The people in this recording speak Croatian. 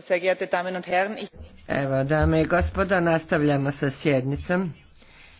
sehr geehrte damen und herren! evo dame i gospodo nastavljamo sa sjednicom.